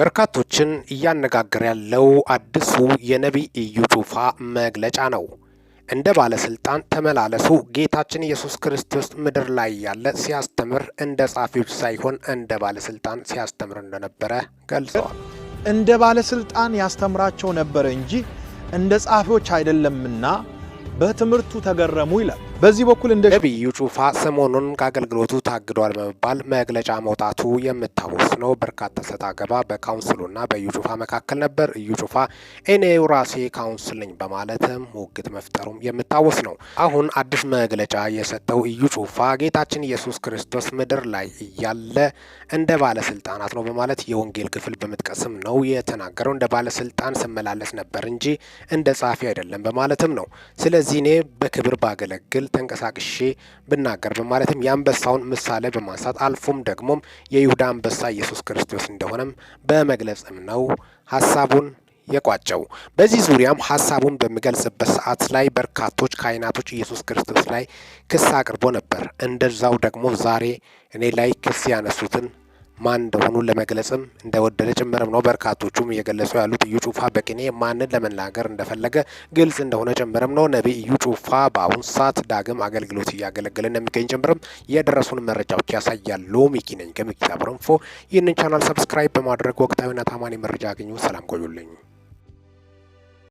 በርካቶችን እያነጋገረ ያለው አዲሱ የነቢይ ኢዩ ጩፋ መግለጫ ነው። እንደ ባለስልጣን ተመላለሱ። ጌታችን ኢየሱስ ክርስቶስ ምድር ላይ ያለ ሲያስተምር እንደ ጻፊዎች ሳይሆን እንደ ባለስልጣን ሲያስተምር እንደነበረ ገልጸዋል። እንደ ባለስልጣን ያስተምራቸው ነበረ እንጂ እንደ ጻፊዎች አይደለምና በትምህርቱ ተገረሙ ይላል። በዚህ በኩል እንደ ነቢዩ ጩፋ ሰሞኑን ከአገልግሎቱ ታግዷል በመባል መግለጫ መውጣቱ የምታወስ ነው። በርካታ ሰጥ አገባ በካውንስሉና በእዩ ጩፋ መካከል ነበር። እዩ ጩፋ እኔው ራሴ ካውንስል ነኝ በማለትም ውግት መፍጠሩም የምታወስ ነው። አሁን አዲስ መግለጫ የሰጠው እዩ ጩፋ ጌታችን ኢየሱስ ክርስቶስ ምድር ላይ እያለ እንደ ባለስልጣናት ነው በማለት የወንጌል ክፍል በመጥቀስም ነው የተናገረው። እንደ ባለስልጣን ስመላለስ ነበር እንጂ እንደ ጸሐፊ አይደለም በማለትም ነው። ስለዚህ እኔ በክብር ባገለግል ተንቀሳቅሼ ብናገር በማለትም የአንበሳውን ምሳሌ በማንሳት አልፎም ደግሞም የይሁዳ አንበሳ ኢየሱስ ክርስቶስ እንደሆነም በመግለጽም ነው ሀሳቡን የቋጨው። በዚህ ዙሪያም ሀሳቡን በሚገልጽበት ሰዓት ላይ በርካቶች ካህናቶች ኢየሱስ ክርስቶስ ላይ ክስ አቅርቦ ነበር። እንደዛው ደግሞ ዛሬ እኔ ላይ ክስ ያነሱትን ማን እንደሆኑ ለመግለጽም እንደወደደ ጭምርም ነው በርካቶቹም እየገለጹ ያሉት። እዩ ጩፋ በቅኔ ማንን ለመናገር እንደፈለገ ግልጽ እንደሆነ ጭምርም ነው። ነቢይ እዩ ጩፋ በአሁን ሰዓት ዳግም አገልግሎት እያገለገለ እንደሚገኝ ጭምርም የደረሱን መረጃዎች ያሳያሉ። ሚኪ ነኝ ከሚኪታ ብረንፎ። ይህንን ቻናል ሰብስክራይብ በማድረግ ወቅታዊና ታማኒ መረጃ ያገኙ። ሰላም ቆዩልኝ።